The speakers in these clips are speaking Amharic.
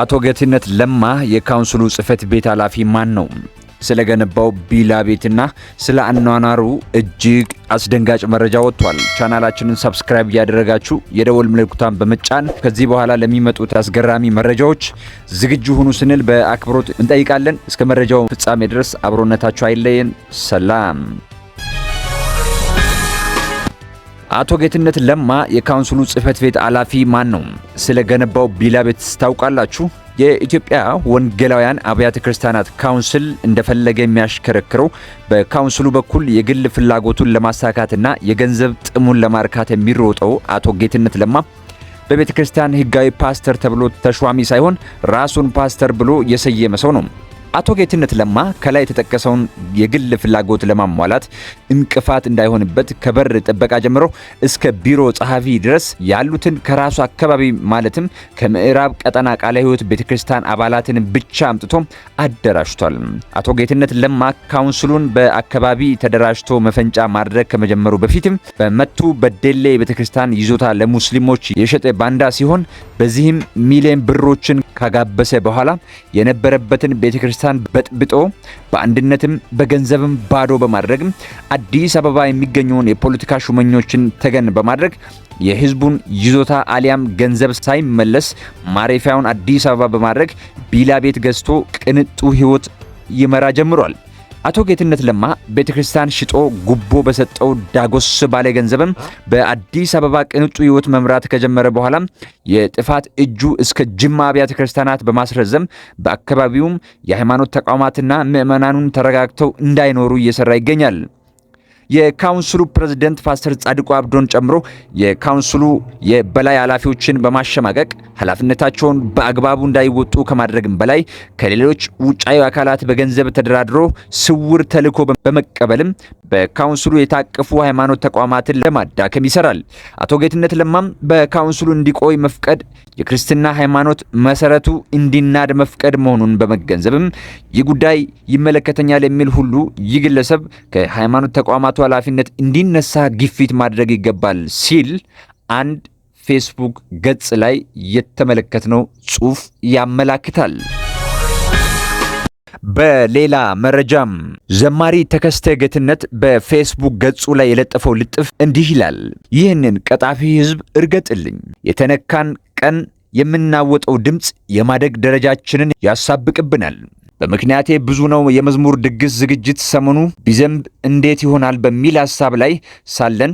አቶ ገትነት ለማ የካውንስሉ ጽህፈት ቤት ኃላፊ ማን ነው? ስለገነባው ቢላ ቤትና ስለ አኗኗሩ እጅግ አስደንጋጭ መረጃ ወጥቷል። ቻናላችንን ሰብስክራይብ እያደረጋችሁ የደወል ምልክቷን በመጫን ከዚህ በኋላ ለሚመጡት አስገራሚ መረጃዎች ዝግጁ ሁኑ ስንል በአክብሮት እንጠይቃለን። እስከ መረጃው ፍጻሜ ድረስ አብሮነታችሁ አይለየን። ሰላም አቶ ጌትነት ለማ የካውንስሉ ጽህፈት ቤት ኃላፊ ማን ነው? ስለገነባው ቢላ ቤት ታውቃላችሁ? የኢትዮጵያ ወንጌላውያን አብያተ ክርስቲያናት ካውንስል እንደፈለገ የሚያሽከረክረው በካውንስሉ በኩል የግል ፍላጎቱን ለማሳካትና የገንዘብ ጥሙን ለማርካት የሚሮጠው አቶ ጌትነት ለማ በቤተ ክርስቲያን ህጋዊ ፓስተር ተብሎ ተሿሚ ሳይሆን ራሱን ፓስተር ብሎ የሰየመ ሰው ነው። አቶ ጌትነት ለማ ከላይ የተጠቀሰውን የግል ፍላጎት ለማሟላት እንቅፋት እንዳይሆንበት ከበር ጥበቃ ጀምሮ እስከ ቢሮ ጸሐፊ ድረስ ያሉትን ከራሱ አካባቢ ማለትም ከምዕራብ ቀጠና ቃለ ሕይወት ቤተክርስቲያን አባላትን ብቻ አምጥቶ አደራጅቷል። አቶ ጌትነት ለማ ካውንስሉን በአካባቢ ተደራጅቶ መፈንጫ ማድረግ ከመጀመሩ በፊትም በመቱ በደሌ ቤተክርስቲያን ይዞታ ለሙስሊሞች የሸጠ ባንዳ ሲሆን በዚህም ሚሊዮን ብሮችን ካጋበሰ በኋላ የነበረበትን ቤተ ክርስቲያን በጥብጦ በአንድነትም በገንዘብም ባዶ በማድረግም አዲስ አበባ የሚገኘውን የፖለቲካ ሹመኞችን ተገን በማድረግ የህዝቡን ይዞታ አሊያም ገንዘብ ሳይመለስ ማረፊያውን አዲስ አበባ በማድረግ ቢላ ቤት ገዝቶ ቅንጡ ህይወት ይመራ ጀምሯል። አቶ ጌትነት ለማ ቤተክርስቲያን ሽጦ ጉቦ በሰጠው ዳጎስ ባለ ገንዘብም በአዲስ አበባ ቅንጡ ህይወት መምራት ከጀመረ በኋላ የጥፋት እጁ እስከ ጅማ አብያተ ክርስቲያናት በማስረዘም በአካባቢውም የሃይማኖት ተቋማትና ምዕመናኑን ተረጋግተው እንዳይኖሩ እየሰራ ይገኛል። የካውንስሉ ፕሬዝደንት ፓስተር ጻድቁ አብዶን ጨምሮ የካውንስሉ የበላይ ኃላፊዎችን በማሸማቀቅ ኃላፊነታቸውን በአግባቡ እንዳይወጡ ከማድረግም በላይ ከሌሎች ውጫዊ አካላት በገንዘብ ተደራድሮ ስውር ተልዕኮ በመቀበልም በካውንስሉ የታቀፉ ሃይማኖት ተቋማትን ለማዳከም ይሰራል። አቶ ጌትነት ለማም በካውንስሉ እንዲቆይ መፍቀድ የክርስትና ሃይማኖት መሰረቱ እንዲናድ መፍቀድ መሆኑን በመገንዘብም ይህ ጉዳይ ይመለከተኛል የሚል ሁሉ ይህ ግለሰብ ከሃይማኖት ተቋማቱ ኃላፊነት እንዲነሳ ግፊት ማድረግ ይገባል ሲል አንድ ፌስቡክ ገጽ ላይ የተመለከትነው ጽሑፍ ያመላክታል። በሌላ መረጃም ዘማሪ ተከስተ ጌትነት በፌስቡክ ገጹ ላይ የለጠፈው ልጥፍ እንዲህ ይላል። ይህንን ቀጣፊ ህዝብ እርገጥልኝ። የተነካን ቀን የምናወጠው ድምፅ የማደግ ደረጃችንን ያሳብቅብናል። በምክንያቴ ብዙ ነው የመዝሙር ድግስ ዝግጅት ሰሞኑ ቢዘንብ እንዴት ይሆናል በሚል ሀሳብ ላይ ሳለን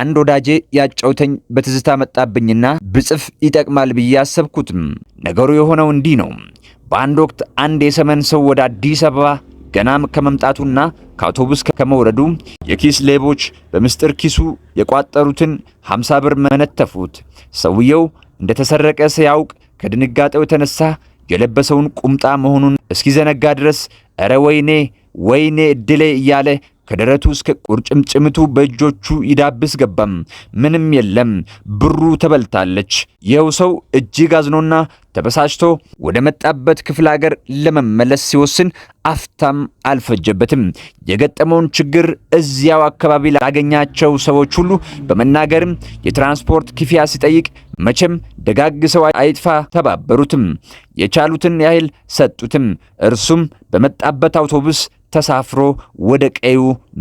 አንድ ወዳጄ ያጫውተኝ በትዝታ መጣብኝና ብጽፍ ይጠቅማል ብዬ አሰብኩትም። ነገሩ የሆነው እንዲህ ነው። በአንድ ወቅት አንድ የሰመን ሰው ወደ አዲስ አበባ ገናም ከመምጣቱና ከአውቶቡስ ከመውረዱ የኪስ ሌቦች በምስጢር ኪሱ የቋጠሩትን 50 ብር መነተፉት። ሰውየው እንደተሰረቀ ሲያውቅ ከድንጋጤው የተነሳ የለበሰውን ቁምጣ መሆኑን እስኪዘነጋ ድረስ እረ ወይኔ ወይኔ እድሌ እያለ ከደረቱ እስከ ቁርጭምጭምቱ በእጆቹ ይዳብስ ገባም። ምንም የለም። ብሩ ተበልታለች። ይኸው ሰው እጅግ አዝኖና ተበሳጭቶ ወደ መጣበት ክፍለ ሀገር ለመመለስ ሲወስን አፍታም አልፈጀበትም። የገጠመውን ችግር እዚያው አካባቢ ላገኛቸው ሰዎች ሁሉ በመናገርም የትራንስፖርት ክፍያ ሲጠይቅ መቼም ደጋግ ሰው አይጥፋ ተባበሩትም። የቻሉትን ያህል ሰጡትም። እርሱም በመጣበት አውቶቡስ ተሳፍሮ ወደ ቀዩ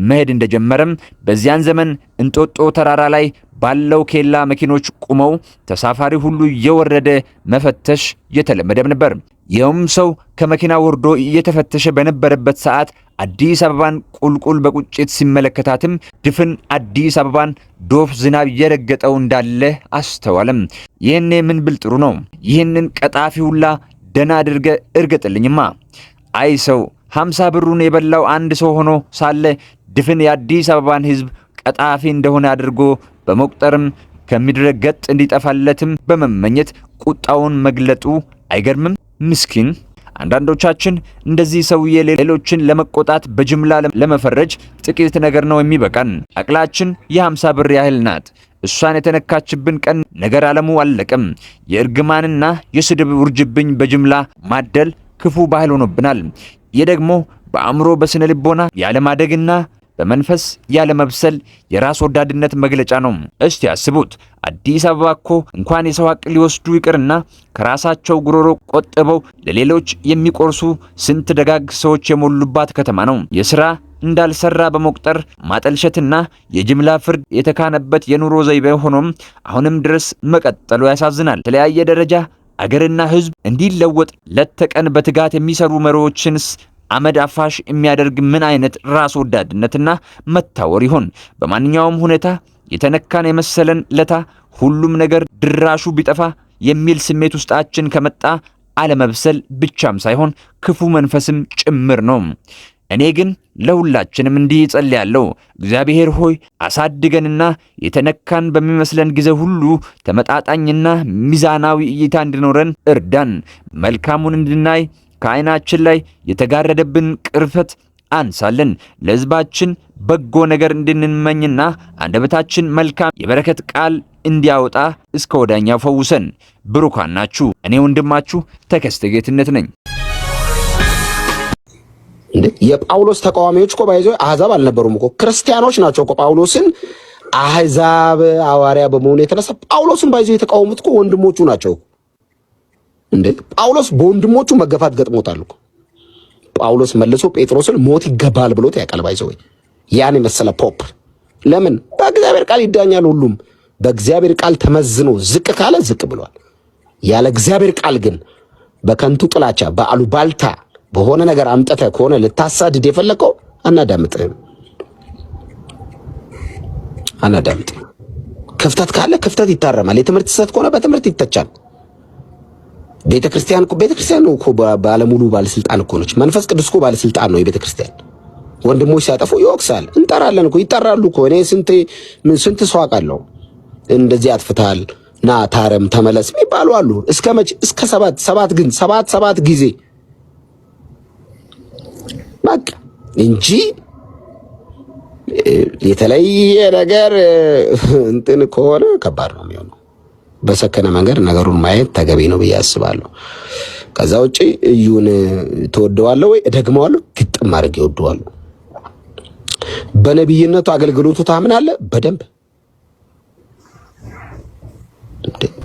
መሄድ እንደጀመረም በዚያን ዘመን እንጦጦ ተራራ ላይ ባለው ኬላ መኪኖች ቁመው ተሳፋሪ ሁሉ እየወረደ መፈተሽ የተለመደም ነበር። ይኸውም ሰው ከመኪና ወርዶ እየተፈተሸ በነበረበት ሰዓት አዲስ አበባን ቁልቁል በቁጭት ሲመለከታትም ድፍን አዲስ አበባን ዶፍ ዝናብ እየረገጠው እንዳለ አስተዋለም። ይህኔ ምን ብል ጥሩ ነው? ይህንን ቀጣፊ ሁላ ደና አድርገ እርገጥልኝማ። አይ ሰው ሀምሳ ብሩን የበላው አንድ ሰው ሆኖ ሳለ ድፍን የአዲስ አበባን ህዝብ ቀጣፊ እንደሆነ አድርጎ በመቁጠርም ከምድረ ገጽ እንዲጠፋለትም በመመኘት ቁጣውን መግለጡ አይገርምም? ምስኪን አንዳንዶቻችን እንደዚህ ሰውዬ ሌሎችን ለመቆጣት በጅምላ ለመፈረጅ ጥቂት ነገር ነው የሚበቃን። አቅላችን የ50 ብር ያህል ናት። እሷን የተነካችብን ቀን ነገር አለሙ አለቅም። የእርግማንና የስድብ ውርጅብኝ በጅምላ ማደል ክፉ ባህል ሆኖብናል። ይህ ደግሞ በአእምሮ በስነ ልቦና ያለማደግና በመንፈስ ያለመብሰል የራስ ወዳድነት መግለጫ ነው። እስቲ ያስቡት። አዲስ አበባ እኮ እንኳን የሰው ሀቅ ሊወስዱ ይቅርና ከራሳቸው ጉሮሮ ቆጥበው ለሌሎች የሚቆርሱ ስንት ደጋግ ሰዎች የሞሉባት ከተማ ነው። የስራ እንዳልሰራ በመቁጠር ማጠልሸትና የጅምላ ፍርድ የተካነበት የኑሮ ዘይቤ ሆኖም አሁንም ድረስ መቀጠሉ ያሳዝናል። የተለያየ ደረጃ አገርና ሕዝብ እንዲለወጥ ለተቀን በትጋት የሚሰሩ መሪዎችንስ አመድ አፋሽ የሚያደርግ ምን አይነት ራስ ወዳድነትና መታወር ይሆን? በማንኛውም ሁኔታ የተነካን የመሰለን ለታ ሁሉም ነገር ድራሹ ቢጠፋ የሚል ስሜት ውስጣችን ከመጣ አለመብሰል ብቻም ሳይሆን ክፉ መንፈስም ጭምር ነው። እኔ ግን ለሁላችንም እንዲህ እጸልያለሁ። እግዚአብሔር ሆይ አሳድገንና የተነካን በሚመስለን ጊዜ ሁሉ ተመጣጣኝና ሚዛናዊ እይታ እንዲኖረን እርዳን። መልካሙን እንድናይ ከዓይናችን ላይ የተጋረደብን ቅርፈት አንሳለን። ለሕዝባችን በጎ ነገር እንድንመኝና አንደበታችን መልካም የበረከት ቃል እንዲያወጣ እስከ ወዳኛው ፈውሰን። ብሩካን ናችሁ። እኔ ወንድማችሁ ተከስተ ጌትነት ነኝ። የጳውሎስ ተቃዋሚዎች እኮ ባይዘው አህዛብ አልነበሩም እኮ ክርስቲያኖች ናቸው እኮ ጳውሎስን አህዛብ አዋሪያ በመሆኑ የተነሳ ጳውሎስን ባይዘው የተቃወሙት እኮ ወንድሞቹ ናቸው። እንዴ ጳውሎስ በወንድሞቹ መገፋት ገጥሞታል እኮ ጳውሎስ መልሶ ጴጥሮስን ሞት ይገባል ብሎት ያቀልባ ይዘው ያን የመሰለ ፖፕ ለምን በእግዚአብሔር ቃል ይዳኛል። ሁሉም በእግዚአብሔር ቃል ተመዝኖ ዝቅ ካለ ዝቅ ብሏል። ያለ እግዚአብሔር ቃል ግን በከንቱ ጥላቻ፣ በአሉባልታ በሆነ ነገር አምጠተ ከሆነ ልታሳድድ የፈለከው አናዳምጥህም፣ አናዳምጥህም። ክፍተት ካለ ክፍተት ይታረማል። የትምህርት ስህተት ከሆነ በትምህርት ይተቻል። ቤተ ክርስቲያን እኮ ቤተ ክርስቲያን ነው እኮ ባለሙሉ ባለስልጣን እኮ ነች። መንፈስ ቅዱስ እኮ ባለስልጣን ነው የቤተ ክርስቲያን። ወንድሞች ሲያጠፉ ይወቅሳል። እንጠራለን እኮ ይጠራሉ እኮ እኔ ስንት ስንት ሰው አውቃለሁ እንደዚህ አጥፍታል ና ታረም ተመለስ የሚባሉ አሉ። እስከ መቼ? እስከ ሰባት ሰባት ግን ሰባት ሰባት ጊዜ በቃ እንጂ የተለየ ነገር እንትን ከሆነ ከባድ ነው የሚሆነው። በሰከነ መንገድ ነገሩን ማየት ተገቢ ነው ብዬ አስባለሁ። ከዛ ውጭ እዩን ተወደዋለሁ ወይ እደግመዋለሁ፣ ግጥም አድርጌ እወደዋለሁ። በነቢይነቱ አገልግሎቱ ታምናለህ? በደንብ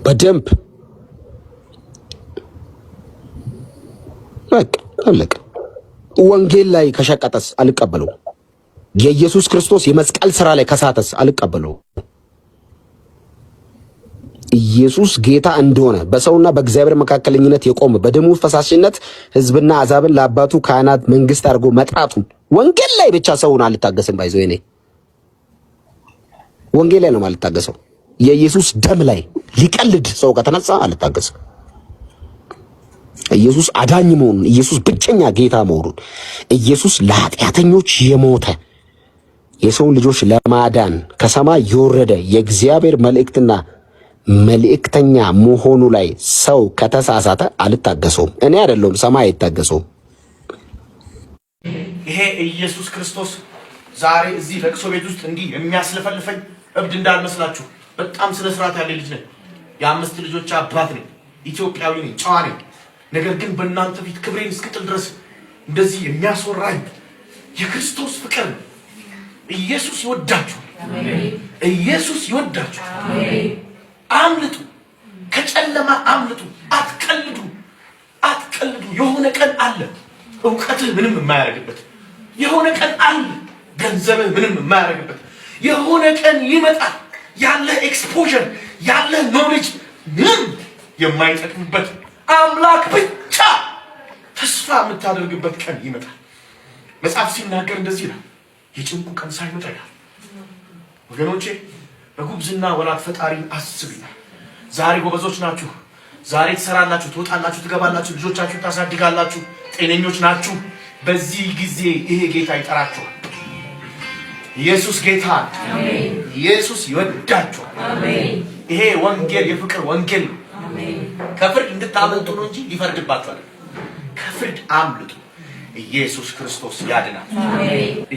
በደንብ በቃ ወንጌል ላይ ከሸቀጠስ አልቀበለው። የኢየሱስ ክርስቶስ የመስቀል ስራ ላይ ከሳተስ አልቀበለው። ኢየሱስ ጌታ እንደሆነ በሰውና በእግዚአብሔር መካከለኝነት የቆመ በደሙ ፈሳሽነት ህዝብና አዛብን ለአባቱ ካህናት መንግስት አድርጎ መጥራቱን ወንጌል ላይ ብቻ ሰውን አልታገስም። ባይዘው እኔ ወንጌል ላይ ነው አልታገሰው የኢየሱስ ደም ላይ ሊቀልድ ሰው ከተነሳ አልታገስም። ኢየሱስ አዳኝ መሆኑን፣ ኢየሱስ ብቸኛ ጌታ መሆኑን፣ ኢየሱስ ለኃጢአተኞች የሞተ የሰውን ልጆች ለማዳን ከሰማይ የወረደ የእግዚአብሔር መልእክትና መልእክተኛ መሆኑ ላይ ሰው ከተሳሳተ አልታገሰውም። እኔ አይደለሁም፣ ሰማይ አይታገሰውም። ይሄ ኢየሱስ ክርስቶስ ዛሬ እዚህ ለቅሶ ቤት ውስጥ እንዲህ የሚያስለፈልፈኝ እብድ እንዳልመስላችሁ፣ በጣም ስነ ስርዓት ያለ ልጅ ነኝ። የአምስት ልጆች አባት ነኝ። ኢትዮጵያዊ ነኝ። ጨዋ ነኝ። ነገር ግን በእናንተ ፊት ክብሬን እስክጥል ድረስ እንደዚህ የሚያስወራኝ የክርስቶስ ፍቅር ነው። ኢየሱስ ይወዳችሁ። ኢየሱስ ይወዳችኋል። አምልጡ፣ ከጨለማ አምልጡ። አትቀልዱ፣ አትቀልዱ። የሆነ ቀን አለ እውቀትህ ምንም የማያደርግበት፣ የሆነ ቀን አለ ገንዘብህ ምንም የማያደርግበት፣ የሆነ ቀን ይመጣል ያለህ ኤክስፖዥር ያለህ ኖሌጅ ምንም የማይጠቅምበት አምላክ ብቻ ተስፋ የምታደርግበት ቀን ይመጣል። መጽሐፍ ሲናገር እንደዚህ ነው፣ የጭንቁ ቀን ሳይመጣ ይላል ወገኖቼ በጉብዝና ወራት ፈጣሪ አስብ ዛሬ ጎበዞች ናችሁ። ዛሬ ትሰራላችሁ፣ ትወጣላችሁ፣ ትገባላችሁ፣ ልጆቻችሁ ታሳድጋላችሁ፣ ጤነኞች ናችሁ። በዚህ ጊዜ ይሄ ጌታ ይጠራችኋል። ኢየሱስ ጌታ፣ ኢየሱስ ይወዳችኋል። ይሄ ወንጌል የፍቅር ወንጌል ነው። ከፍርድ እንድታመልጡ ነው እንጂ ሊፈርድባችኋል። ከፍርድ አምልጡ። ኢየሱስ ክርስቶስ ያድናል።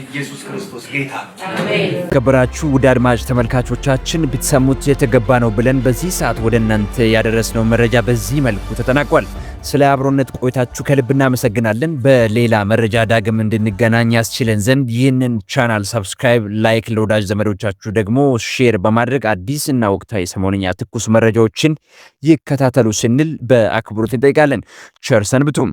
ኢየሱስ ክርስቶስ ጌታ ነው። ከበራችሁ ውድ አድማጭ ተመልካቾቻችን ብትሰሙት የተገባ ነው ብለን በዚህ ሰዓት ወደ እናንተ ያደረስነው መረጃ በዚህ መልኩ ተጠናቋል። ስለ አብሮነት ቆይታችሁ ከልብ እናመሰግናለን። በሌላ መረጃ ዳግም እንድንገናኝ ያስችለን ዘንድ ይህንን ቻናል ሰብስክራይብ፣ ላይክ፣ ለወዳጅ ዘመዶቻችሁ ደግሞ ሼር በማድረግ አዲስ እና ወቅታዊ ሰሞንኛ ትኩስ መረጃዎችን ይከታተሉ ስንል በአክብሮት እንጠይቃለን። ቸር ሰንብቱም።